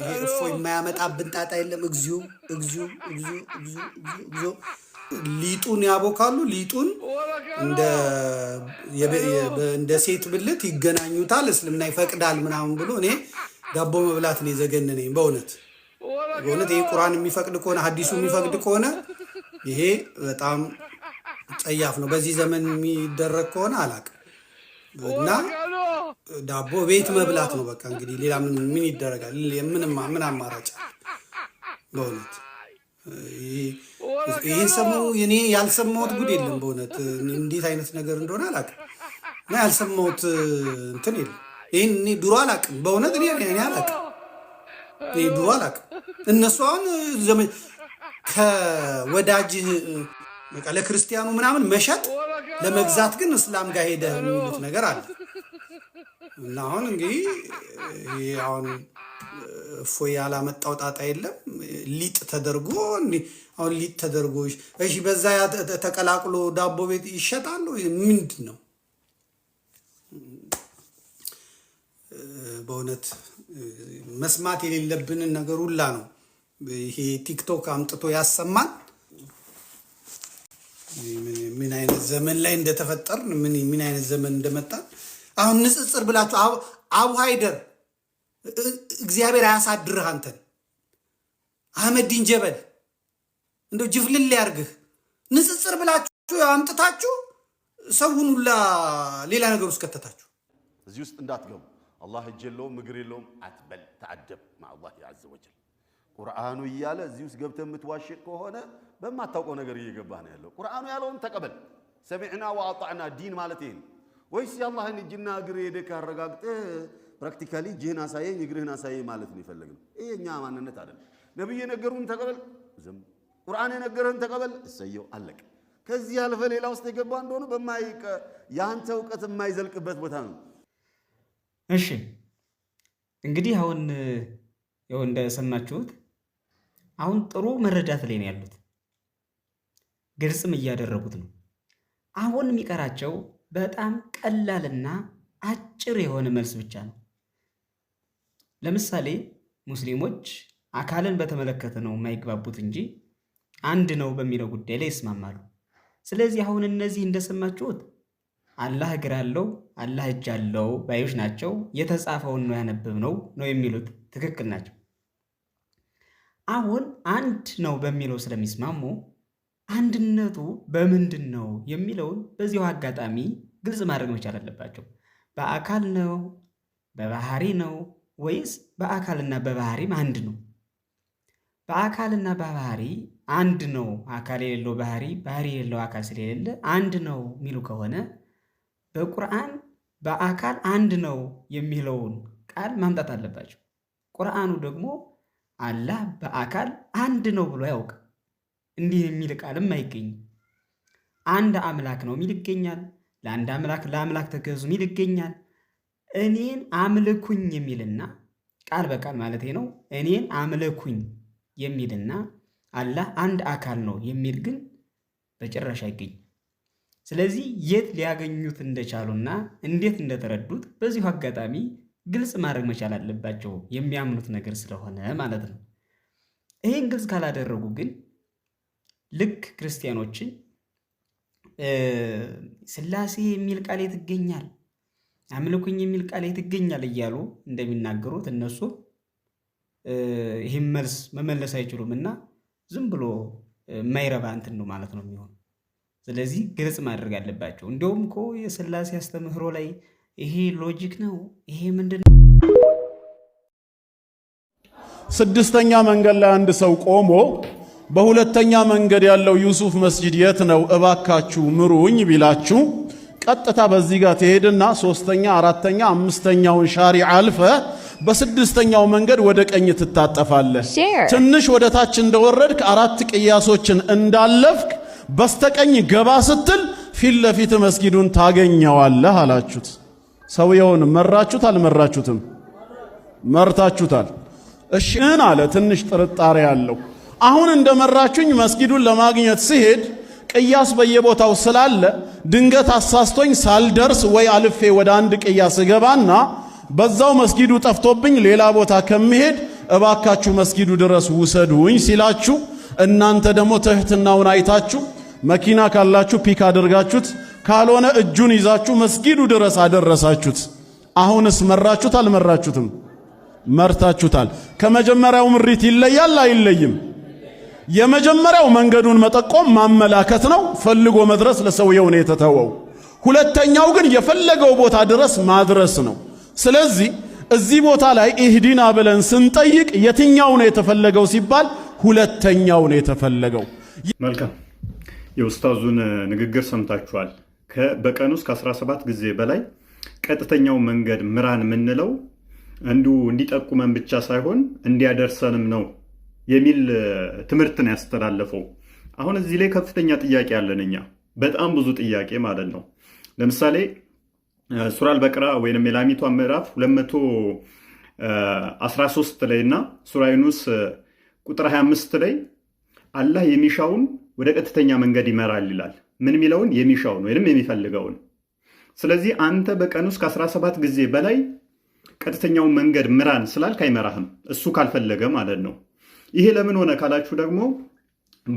ይሄ እፎ የማያመጣ ብንጣጣ የለም። እግዚኦ እግዚኦ እግዚኦ እግዚኦ እግዚኦ ሊጡን ያቦካሉ። ሊጡን እንደ ሴት ብልት ይገናኙታል። እስልምና ይፈቅዳል ምናምን ብሎ እኔ ዳቦ መብላት ነው የዘገነነኝ። በእውነት በእውነት ይሄ ቁርአን የሚፈቅድ ከሆነ ሀዲሱ የሚፈቅድ ከሆነ ይሄ በጣም ጸያፍ ነው። በዚህ ዘመን የሚደረግ ከሆነ አላቅም እና ዳቦ ቤት መብላት ነው። በቃ እንግዲህ ሌላ ምን ይደረጋል? ምን አማራጭ? በእውነት ይህን ሰሞኑ እኔ ያልሰማሁት ጉድ የለም። በእውነት እንዴት አይነት ነገር እንደሆነ አላውቅም፣ እና ያልሰማሁት እንትን የለም። ይህን እኔ ድሮ አላውቅም፣ በእውነት እኔ አላውቅም፣ ይሄ ድሮ አላውቅም። እነሱ አሁን ከወዳጅህ በቃ ለክርስቲያኑ ምናምን መሸጥ ለመግዛት ግን እስላም ጋር ሄደ የሚሉት ነገር አለ እና አሁን እንግዲህ አሁን እፎይ ያላመጣው ጣጣ የለም። ሊጥ ተደርጎ አሁን ሊጥ ተደርጎ እሺ፣ በዛ ተቀላቅሎ ዳቦ ቤት ይሸጣሉ። ምንድን ነው በእውነት መስማት የሌለብንን ነገር ሁላ ነው ይሄ ቲክቶክ አምጥቶ ያሰማን። ምን አይነት ዘመን ላይ እንደተፈጠርን ምን አይነት ዘመን እንደመጣን አሁን ንጽጽር ብላችሁ አቡ ሀይደር እግዚአብሔር አያሳድርህ አንተን። አህመዲን ጀበል እንደ ጅፍልል ያርግህ ንጽጽር ብላችሁ አምጥታችሁ ሰውን ሁላ ሌላ ነገር ውስጥ ከተታችሁ እዚህ ውስጥ እንዳትገቡ። አላህ እጅ የለውም እግር የለውም አትበል። ተአደብ ማአላህ አዘ ወጀል ቁርአኑ እያለ እዚህ ውስጥ ገብተ የምትዋሽቅ ከሆነ በማታውቀው ነገር እየገባህ ነው ያለው። ቁርአኑ ያለውን ተቀበል። ሰሚዕና ወአጣዕና ዲን ማለት ይሄ ወይስ የአላህን እጅና እግር ሄደህ አረጋግጠ ፕራክቲካሊ እጅህን አሳየኝ እግርህን አሳየኝ ማለት ነው የፈለግነው። ይሄ እኛ ማንነት አይደለም። ነቢይ የነገሩን ተቀበል፣ ዝም ቁርአን የነገረን ተቀበል፣ እሰየው፣ አለቅ። ከዚህ ያልፈ ሌላ ውስጥ የገባ እንደሆነ በማይቀ የአንተ እውቀት የማይዘልቅበት ቦታ ነው። እሺ እንግዲህ አሁን ያው እንደሰማችሁት አሁን ጥሩ መረዳት ላይ ነው ያሉት፣ ግልጽም እያደረጉት ነው። አሁን የሚቀራቸው በጣም ቀላልና አጭር የሆነ መልስ ብቻ ነው። ለምሳሌ ሙስሊሞች አካልን በተመለከተ ነው የማይግባቡት እንጂ አንድ ነው በሚለው ጉዳይ ላይ ይስማማሉ። ስለዚህ አሁን እነዚህ እንደሰማችሁት አላህ እግር አለው፣ አላህ እጅ አለው ባዮች ናቸው። የተጻፈውን ነው ያነበብነው ነው የሚሉት ትክክል ናቸው። አሁን አንድ ነው በሚለው ስለሚስማሙ አንድነቱ በምንድን ነው የሚለውን በዚሁ አጋጣሚ ግልጽ ማድረግ መቻል አለባቸው። በአካል ነው? በባህሪ ነው? ወይስ በአካልና በባህሪም አንድ ነው? በአካልና በባህሪ አንድ ነው። አካል የሌለው ባህሪ፣ ባህሪ የሌለው አካል ስለሌለ አንድ ነው የሚሉ ከሆነ በቁርአን በአካል አንድ ነው የሚለውን ቃል ማምጣት አለባቸው። ቁርአኑ ደግሞ አላህ በአካል አንድ ነው ብሎ አያውቅም። እንዲህ የሚል ቃልም አይገኝም። አንድ አምላክ ነው የሚል ይገኛል። ለአንድ አምላክ ለአምላክ ተገዙ የሚል ይገኛል። እኔን አምልኩኝ የሚልና ቃል በቃል ማለት ነው እኔን አምልኩኝ የሚልና አላህ አንድ አካል ነው የሚል ግን በጭራሽ አይገኝም። ስለዚህ የት ሊያገኙት እንደቻሉና እንዴት እንደተረዱት በዚሁ አጋጣሚ ግልጽ ማድረግ መቻል አለባቸው፣ የሚያምኑት ነገር ስለሆነ ማለት ነው። ይህን ግልጽ ካላደረጉ ግን ልክ ክርስቲያኖችን ስላሴ የሚል ቃል ትገኛል፣ አምልኩኝ የሚል ቃል ትገኛል እያሉ እንደሚናገሩት እነሱ ይህም መልስ መመለስ አይችሉም እና ዝም ብሎ የማይረባ እንትን ነው ማለት ነው የሚሆኑ። ስለዚህ ግልጽ ማድረግ አለባቸው። እንዲሁም እኮ የስላሴ አስተምህሮ ላይ ይሄ ሎጂክ ነው ይሄ ምንድን ነው? ስድስተኛ መንገድ ላይ አንድ ሰው ቆሞ በሁለተኛ መንገድ ያለው ዩሱፍ መስጂድ የት ነው እባካችሁ ምሩኝ ቢላችሁ ቀጥታ በዚህ ጋር ትሄድና ሶስተኛ፣ አራተኛ፣ አምስተኛውን ሻሪ አልፈ በስድስተኛው መንገድ ወደ ቀኝ ትታጠፋለህ። ትንሽ ወደ ታች እንደወረድክ አራት ቅያሶችን እንዳለፍክ በስተቀኝ ገባ ስትል ፊት ለፊት መስጊዱን ታገኘዋለህ አላችሁት። ሰውየውን መራችሁት? አልመራችሁትም? መርታችሁታል። እሺ አለ። ትንሽ ጥርጣሬ አለው። አሁን እንደመራችሁኝ መስጊዱን ለማግኘት ስሄድ ቅያስ በየቦታው ስላለ ድንገት አሳስቶኝ ሳልደርስ ወይ አልፌ ወደ አንድ ቅያስ እገባና በዛው መስጊዱ ጠፍቶብኝ ሌላ ቦታ ከመሄድ እባካችሁ መስጊዱ ድረስ ውሰዱኝ ሲላችሁ እናንተ ደግሞ ትህትናውን አይታችሁ መኪና ካላችሁ ፒክ አድርጋችሁት፣ ካልሆነ እጁን ይዛችሁ መስጊዱ ድረስ አደረሳችሁት። አሁንስ መራችሁት አልመራችሁትም? መርታችሁታል። ከመጀመሪያው ምሪት ይለያል አይለይም? የመጀመሪያው መንገዱን መጠቆም ማመላከት ነው፣ ፈልጎ መድረስ ለሰውየው ነው የተተወው። ሁለተኛው ግን የፈለገው ቦታ ድረስ ማድረስ ነው። ስለዚህ እዚህ ቦታ ላይ ኢህዲና ብለን ስንጠይቅ የትኛው ነው የተፈለገው ሲባል ሁለተኛው ነው የተፈለገው። መልካም የኡስታዙን ንግግር ሰምታችኋል። በቀን ውስጥ ከ17 ጊዜ በላይ ቀጥተኛው መንገድ ምራን የምንለው እንዲሁ እንዲጠቁመን ብቻ ሳይሆን እንዲያደርሰንም ነው የሚል ትምህርት ነው ያስተላለፈው። አሁን እዚህ ላይ ከፍተኛ ጥያቄ አለን እኛ በጣም ብዙ ጥያቄ ማለት ነው። ለምሳሌ ሱራል በቅራ ወይም የላሚቷ ምዕራፍ 213 ላይ እና ሱራ ዩኑስ ቁጥር 25 ላይ አላህ የሚሻውን ወደ ቀጥተኛ መንገድ ይመራል ይላል። ምን የሚለውን የሚሻውን ወይም የሚፈልገውን። ስለዚህ አንተ በቀን ውስጥ ከ17 ጊዜ በላይ ቀጥተኛውን መንገድ ምራን ስላልክ አይመራህም፣ እሱ ካልፈለገ ማለት ነው። ይሄ ለምን ሆነ ካላችሁ ደግሞ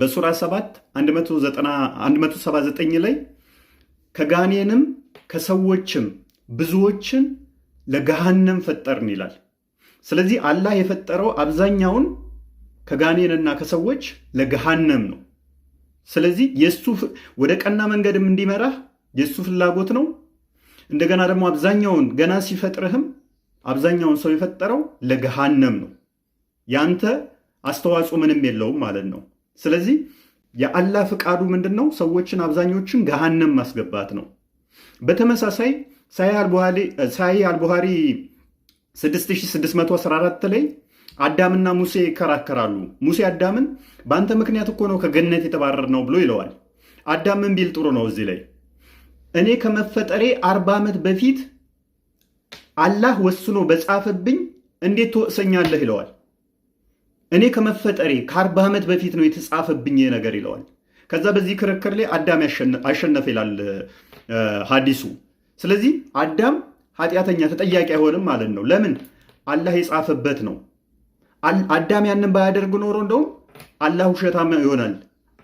በሱራ 7 179 ላይ ከጋኔንም ከሰዎችም ብዙዎችን ለገሃነም ፈጠርን ይላል። ስለዚህ አላህ የፈጠረው አብዛኛውን ከጋኔንና ከሰዎች ለገሃነም ነው። ስለዚህ የእሱ ወደ ቀና መንገድም እንዲመራህ የእሱ ፍላጎት ነው። እንደገና ደግሞ አብዛኛውን ገና ሲፈጥርህም አብዛኛውን ሰው የፈጠረው ለገሃነም ነው። ያንተ አስተዋጽኦ ምንም የለውም ማለት ነው። ስለዚህ የአላህ ፍቃዱ ምንድን ነው? ሰዎችን አብዛኞችን ገሃነም ማስገባት ነው። በተመሳሳይ ሳሂህ አልቡሃሪ 6614 ላይ አዳምና ሙሴ ይከራከራሉ። ሙሴ አዳምን በአንተ ምክንያት እኮ ነው ከገነት የተባረር ነው ብሎ ይለዋል። አዳም ምን ቢል ጥሩ ነው እዚህ ላይ እኔ ከመፈጠሬ አርባ ዓመት በፊት አላህ ወስኖ በጻፈብኝ እንዴት ትወቅሰኛለህ? ይለዋል እኔ ከመፈጠሬ ከአርባ ዓመት በፊት ነው የተጻፈብኝ ነገር ይለዋል። ከዛ በዚህ ክርክር ላይ አዳም አሸነፈ ይላል ሀዲሱ ስለዚህ አዳም ኃጢአተኛ ተጠያቂ አይሆንም ማለት ነው። ለምን? አላህ የጻፈበት ነው። አዳም ያንን ባያደርግ ኖሮ እንደውም አላህ ውሸታም ይሆናል።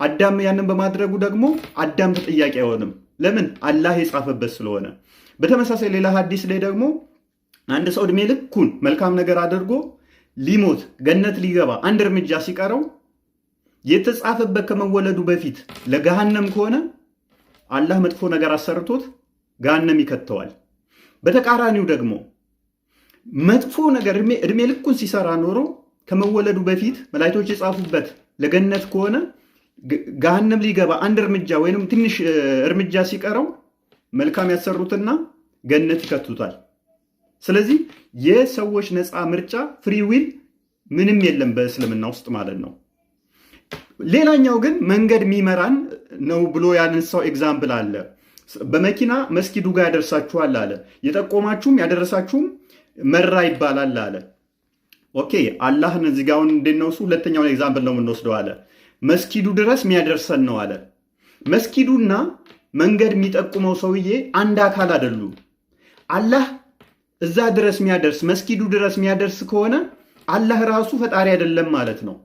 አዳም ያንን በማድረጉ ደግሞ አዳም ተጠያቂ አይሆንም። ለምን? አላህ የጻፈበት ስለሆነ። በተመሳሳይ ሌላ ሀዲስ ላይ ደግሞ አንድ ሰው እድሜ ልኩን መልካም ነገር አድርጎ ሊሞት ገነት ሊገባ አንድ እርምጃ ሲቀረው የተጻፈበት ከመወለዱ በፊት ለገሃነም ከሆነ አላህ መጥፎ ነገር አሰርቶት ገሃነም ይከተዋል። በተቃራኒው ደግሞ መጥፎ ነገር እድሜ ልኩን ሲሰራ ኖሮ ከመወለዱ በፊት መላእክቶች የጻፉበት ለገነት ከሆነ ገሃነም ሊገባ አንድ እርምጃ ወይም ትንሽ እርምጃ ሲቀረው መልካም ያሰሩትና ገነት ይከቱታል። ስለዚህ የሰዎች ነፃ ምርጫ ፍሪ ዊል ምንም የለም በእስልምና ውስጥ ማለት ነው። ሌላኛው ግን መንገድ የሚመራን ነው ብሎ ያነሳው ኤግዛምፕል አለ። በመኪና መስጊዱ ጋር ያደርሳችኋል አለ። የጠቆማችሁም ያደረሳችሁም መራ ይባላል አለ። ኦኬ አላህን እዚህ ጋር ነው ሁለተኛውን ኤግዛምፕል ነው የምንወስደው አለ። መስጊዱ ድረስ የሚያደርሰን ነው አለ። መስጊዱና መንገድ የሚጠቁመው ሰውዬ አንድ አካል አይደሉም። አላህ እዛ ድረስ የሚያደርስ መስጊዱ ድረስ የሚያደርስ ከሆነ አላህ ራሱ ፈጣሪ አይደለም ማለት ነው።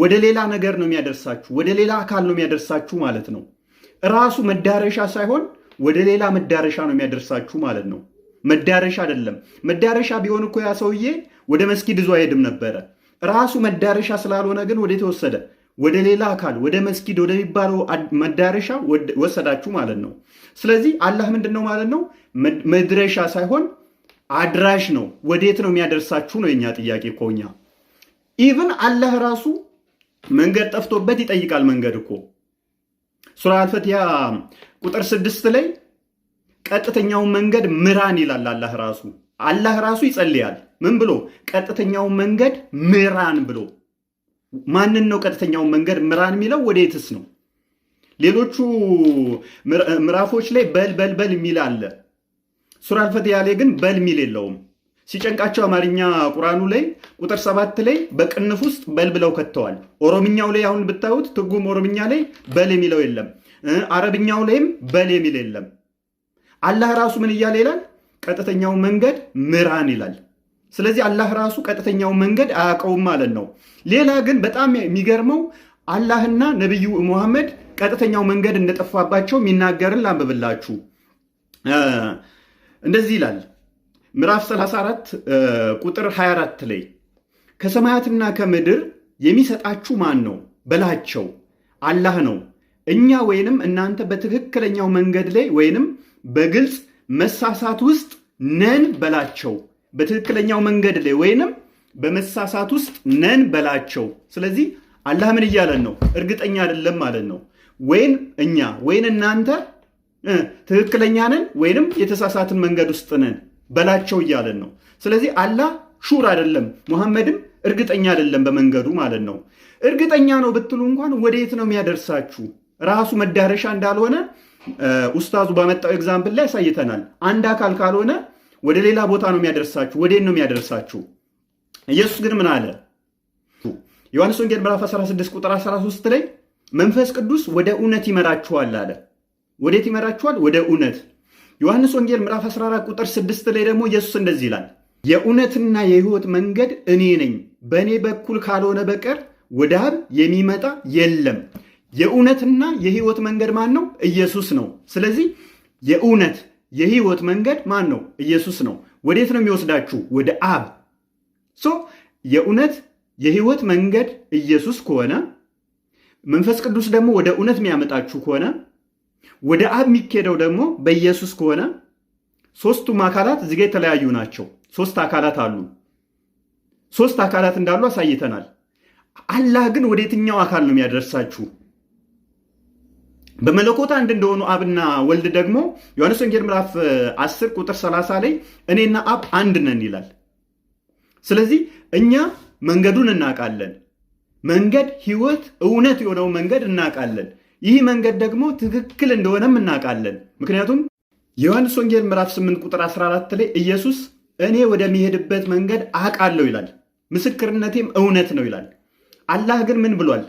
ወደ ሌላ ነገር ነው የሚያደርሳችሁ፣ ወደ ሌላ አካል ነው የሚያደርሳችሁ ማለት ነው። ራሱ መዳረሻ ሳይሆን ወደ ሌላ መዳረሻ ነው የሚያደርሳችሁ ማለት ነው። መዳረሻ አይደለም። መዳረሻ ቢሆን እኮ ያ ሰውዬ ወደ መስጊድ ይዞ አይሄድም ነበረ። ራሱ መዳረሻ ስላልሆነ ግን ወደ የተወሰደ ወደ ሌላ አካል ወደ መስጊድ ወደሚባለው መዳረሻ ወሰዳችሁ ማለት ነው። ስለዚህ አላህ ምንድን ነው ማለት ነው መድረሻ ሳይሆን አድራሽ ነው። ወዴት ነው የሚያደርሳችሁ ነው የኛ ጥያቄ እኮ እኛ ኢቭን አላህ ራሱ መንገድ ጠፍቶበት ይጠይቃል። መንገድ እኮ ሱራ ቁጥር ስድስት ላይ ቀጥተኛውን መንገድ ምራን ይላል አላህ ራሱ አላህ ራሱ ይጸልያል። ምን ብሎ ቀጥተኛውን መንገድ ምራን ብሎ ማንን ነው ቀጥተኛውን መንገድ ምራን የሚለው? ወዴትስ ነው? ሌሎቹ ምዕራፎች ላይ በል በል በል የሚል አለ። ሱራ ፈትያ ላይ ግን በል ሚል የለውም። ሲጨንቃቸው አማርኛ ቁራኑ ላይ ቁጥር ሰባት ላይ በቅንፍ ውስጥ በል ብለው ከተዋል። ኦሮምኛው ላይ አሁን ብታዩት ትርጉም ኦሮምኛ ላይ በል የሚለው የለም። አረብኛው ላይም በል የሚል የለም። አላህ ራሱ ምን እያለ ይላል? ቀጥተኛው መንገድ ምራን ይላል። ስለዚህ አላህ ራሱ ቀጥተኛው መንገድ አያውቀውም ማለት ነው። ሌላ ግን በጣም የሚገርመው አላህና ነቢዩ ሙሐመድ ቀጥተኛው መንገድ እንደጠፋባቸው የሚናገርን ላንብብላችሁ እንደዚህ ይላል ምዕራፍ 34 ቁጥር 24 ላይ ከሰማያትና ከምድር የሚሰጣችሁ ማን ነው በላቸው፣ አላህ ነው። እኛ ወይንም እናንተ በትክክለኛው መንገድ ላይ ወይንም በግልጽ መሳሳት ውስጥ ነን በላቸው። በትክክለኛው መንገድ ላይ ወይንም በመሳሳት ውስጥ ነን በላቸው። ስለዚህ አላህ ምን እያለን ነው? እርግጠኛ አይደለም ማለት ነው። ወይን እኛ ወይን እናንተ ትክክለኛ ወይንም የተሳሳትን መንገድ ውስጥ ነን በላቸው እያለን ነው። ስለዚህ አላህ ሹር አይደለም፣ ሙሐመድም እርግጠኛ አይደለም በመንገዱ ማለት ነው። እርግጠኛ ነው ብትሉ እንኳን ወደየት ነው የሚያደርሳችሁ? ራሱ መዳረሻ እንዳልሆነ ኡስታዙ ባመጣው ኤግዛምፕል ላይ ያሳይተናል። አንድ አካል ካልሆነ ወደ ሌላ ቦታ ነው የሚያደርሳችሁ። ወዴት ነው የሚያደርሳችሁ? ኢየሱስ ግን ምን አለ? ዮሐንስ ወንጌል ምዕራፍ 16 ቁጥር 13 ላይ መንፈስ ቅዱስ ወደ እውነት ይመራችኋል አለ። ወዴት ይመራችኋል? ወደ እውነት። ዮሐንስ ወንጌል ምዕራፍ 14 ቁጥር 6 ላይ ደግሞ ኢየሱስ እንደዚህ ይላል፣ የእውነትና የህይወት መንገድ እኔ ነኝ፣ በእኔ በኩል ካልሆነ በቀር ወደ አብ የሚመጣ የለም። የእውነትና የህይወት መንገድ ማን ነው? ኢየሱስ ነው። ስለዚህ የእውነት የህይወት መንገድ ማን ነው? ኢየሱስ ነው። ወዴት ነው የሚወስዳችሁ? ወደ አብ። ሶ የእውነት የህይወት መንገድ ኢየሱስ ከሆነ መንፈስ ቅዱስ ደግሞ ወደ እውነት የሚያመጣችሁ ከሆነ ወደ አብ የሚኬደው ደግሞ በኢየሱስ ከሆነ ሶስቱም አካላት እዚጋ የተለያዩ ናቸው። ሶስት አካላት አሉ። ሶስት አካላት እንዳሉ አሳይተናል። አላህ ግን ወደ የትኛው አካል ነው የሚያደርሳችሁ? በመለኮት አንድ እንደሆኑ አብና ወልድ ደግሞ ዮሐንስ ወንጌል ምዕራፍ 10 ቁጥር 30 ላይ እኔና አብ አንድ ነን ይላል። ስለዚህ እኛ መንገዱን እናውቃለን። መንገድ፣ ህይወት እውነት የሆነው መንገድ እናውቃለን። ይህ መንገድ ደግሞ ትክክል እንደሆነም እናውቃለን። ምክንያቱም የዮሐንስ ወንጌል ምዕራፍ 8 ቁጥር 14 ላይ ኢየሱስ እኔ ወደሚሄድበት መንገድ አውቃለሁ ይላል፣ ምስክርነቴም እውነት ነው ይላል። አላህ ግን ምን ብሏል?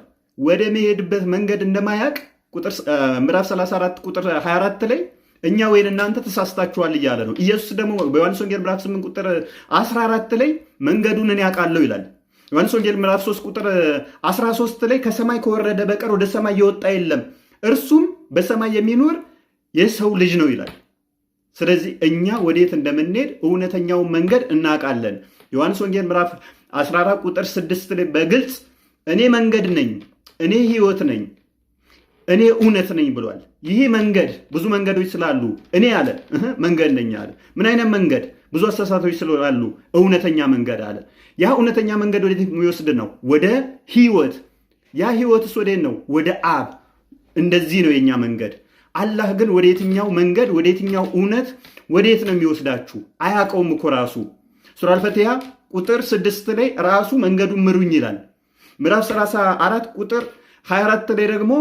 ወደሚሄድበት መንገድ እንደማያውቅ ምዕራፍ 34 ቁጥር 24 ላይ እኛ ወይን እናንተ ተሳስታችኋል እያለ ነው። ኢየሱስ ደግሞ በዮሐንስ ወንጌል ምዕራፍ 8 ቁጥር 14 ላይ መንገዱን እኔ አውቃለሁ ይላል። ዮሐንስ ወንጌል ምዕራፍ 3 ቁጥር 13 ላይ ከሰማይ ከወረደ በቀር ወደ ሰማይ የወጣ የለም እርሱም በሰማይ የሚኖር የሰው ልጅ ነው ይላል። ስለዚህ እኛ ወዴት እንደምንሄድ እውነተኛውን መንገድ እናውቃለን። ዮሐንስ ወንጌል ምዕራፍ 14 ቁጥር 6 ላይ በግልጽ እኔ መንገድ ነኝ፣ እኔ ህይወት ነኝ፣ እኔ እውነት ነኝ ብሏል። ይህ መንገድ ብዙ መንገዶች ስላሉ እኔ አለ መንገድ ነኝ አለ። ምን አይነት መንገድ? ብዙ አሳሳቶች ስላሉ እውነተኛ መንገድ አለ። ያ እውነተኛ መንገድ ወደ የሚወስድ ነው፣ ወደ ህይወት። ያ ህይወትስ ወደ ነው? ወደ አብ። እንደዚህ ነው የኛ መንገድ። አላህ ግን ወደ የትኛው መንገድ ወደ የትኛው እውነት ወደየት ነው የሚወስዳችሁ? አያውቀውም እኮ ራሱ። ሱራ ቁጥር ስድስት ላይ ራሱ መንገዱን ምሩኝ ይላል። ምዕራፍ 34 ቁጥር 24 ላይ ደግሞ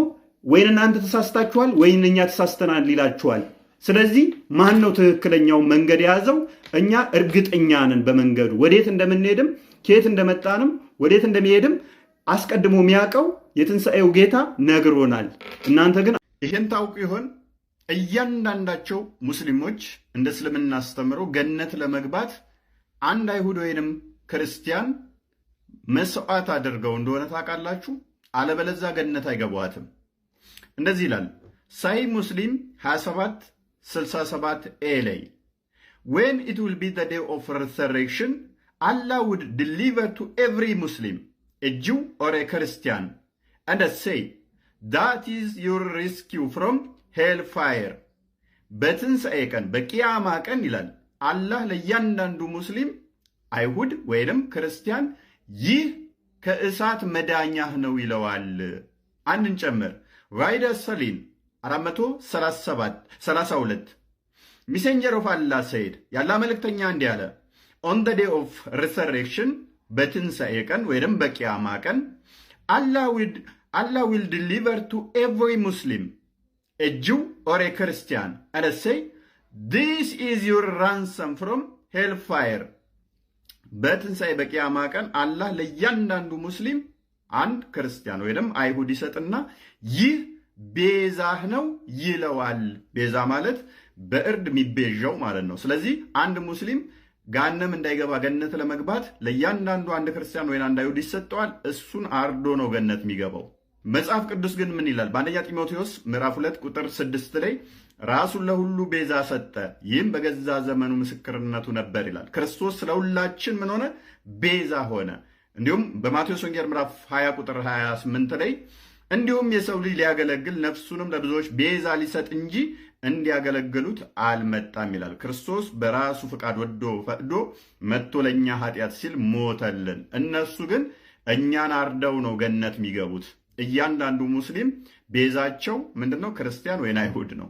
ወይን እናንተ ተሳስታችኋል ወይን እኛ ተሳስተናል ይላችኋል። ስለዚህ ማን ነው ትክክለኛውን መንገድ የያዘው? እኛ እርግጠኛ ነን በመንገዱ ወዴት እንደምንሄድም ከየት እንደመጣንም ወዴት እንደሚሄድም አስቀድሞ የሚያውቀው የትንሣኤው ጌታ ነግሮናል። እናንተ ግን ይህን ታውቁ ይሆን? እያንዳንዳቸው ሙስሊሞች እንደ እስልምና አስተምሮ ገነት ለመግባት አንድ አይሁድ ወይንም ክርስቲያን መስዋዕት አድርገው እንደሆነ ታውቃላችሁ። አለበለዛ ገነት አይገቧትም። እንደዚህ ይላል ሳይ ሙስሊም 2767 ኤ ላይ when it will be the day of resurrection, Allah would deliver to every Muslim, a Jew or a Christian, and say, That is your rescue from hellfire. በትንሣኤ ቀን በቂያማ ቀን ይላል አላህ ለእያንዳንዱ ሙስሊም አይሁድ ወይንም ክርስቲያን ይህ ከእሳት መዳኛህ ነው ይለዋል። አንድን ጨምር ራይደ ሰሊን 437 32 ሚሴንጀር ኦፍ አላ ሰይድ ያላ መልእክተኛ እንዲህ አለ፣ ኦን ደ ዴይ ኦፍ ሪሰሬክሽን በትንሣኤ ቀን ወይም በቅያማ ቀን አላ ዊል ዲሊቨር ቱ ኤቭሪ ሙስሊም ኤ ኦሬ ክርስቲያን አነሰይ ዲስ ኢዝ ዩር ራንሰም ፍሮም ሄልፋየር። በትንሣኤ በቅያማ ቀን አላህ ለእያንዳንዱ ሙስሊም አንድ ክርስቲያን ወይም አይሁድ ይሰጥና ይህ ቤዛህ ነው ይለዋል። ቤዛ ማለት በእርድ የሚቤዣው ማለት ነው። ስለዚህ አንድ ሙስሊም ጋነም እንዳይገባ ገነት ለመግባት ለእያንዳንዱ አንድ ክርስቲያን ወይ አንድ አይሁድ ይሰጠዋል። እሱን አርዶ ነው ገነት የሚገባው። መጽሐፍ ቅዱስ ግን ምን ይላል? በአንደኛ ጢሞቴዎስ ምዕራፍ ሁለት ቁጥር ስድስት ላይ ራሱን ለሁሉ ቤዛ ሰጠ፣ ይህም በገዛ ዘመኑ ምስክርነቱ ነበር ይላል። ክርስቶስ ስለሁላችን ምን ሆነ? ቤዛ ሆነ። እንዲሁም በማቴዎስ ወንጌል ምዕራፍ 20 ቁጥር 28 ላይ እንዲሁም የሰው ልጅ ሊያገለግል ነፍሱንም ለብዙዎች ቤዛ ሊሰጥ እንጂ እንዲያገለግሉት አልመጣም ይላል። ክርስቶስ በራሱ ፈቃድ ወዶ ፈቅዶ መጥቶ ለእኛ ኃጢአት ሲል ሞተልን። እነሱ ግን እኛን አርደው ነው ገነት የሚገቡት። እያንዳንዱ ሙስሊም ቤዛቸው ምንድን ነው? ክርስቲያን ወይን አይሁድ ነው።